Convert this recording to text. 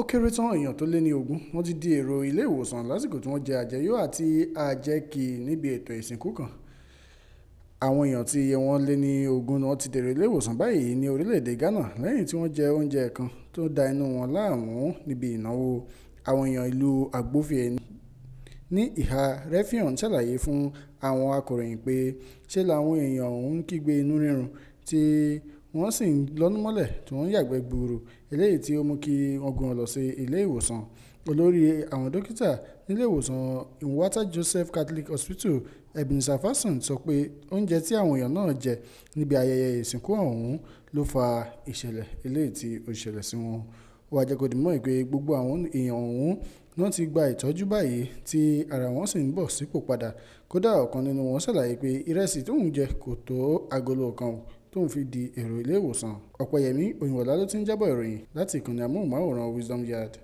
ó kéré tán èèyàn tó lé ní ogún wọ́n ti di èrò ilé ìwòsàn lásìkò tí wọ́n jẹ àjẹyó àti àjẹkì níbi ètò ìsìnkú kan àwọn èèyàn tí iye wọn lé ní ogún ni wọ́n ti dèrò ilé ìwòsàn báyìí ní orílẹ̀-èdè Ghana lẹ́yìn tí wọ́n jẹ oúnjẹ kan tó da inú wọn láàmú níbi ìnáwó àwọn èèyàn ìlú agbófin ẹni ní ìhà Refion ṣàlàyé fún àwọn akọ̀ròyìn pé ṣe làwọn èèyàn ọ̀hún kígbe inú rírun tí wọ́n sì ń lọ́nu mọ́lẹ̀ tí wọ́n ń yàgbẹ́ gbuuru eléyìí tí ó mú kí wọ́n gun ọ̀lọ́ sí ilé ìwòsàn olórí àwọn dókítà nílé ìwòsàn Iwata Joseph Catholic Hospital Ebenezer Fasson sọ pé oúnjẹ tí àwọn èèyàn náà jẹ níbi ayẹyẹ ìsìnkú ọ̀hún ló fa ìṣẹ̀lẹ̀ eléyìí tí ó ṣẹlẹ̀ sí wọn wàá jẹ́ kó di mọ́ ìpè gbogbo àwọn èèyàn ọ̀hún wọ́n ti gba ìtọ́jú báyìí tí ara wọn sì ń bọ̀ sípò padà kódà ọ̀kan nínú wọn ṣàlàyé pé ìrẹsì tóun jẹ kò tó agolo kan tóun fi di èrò ilé ìwòsàn ọ̀pẹyẹmí òyìnbọ̀lá ló ti ń jábọ̀ ìròyìn láti ìkànnì amóhùnmáwòrán wisdom yard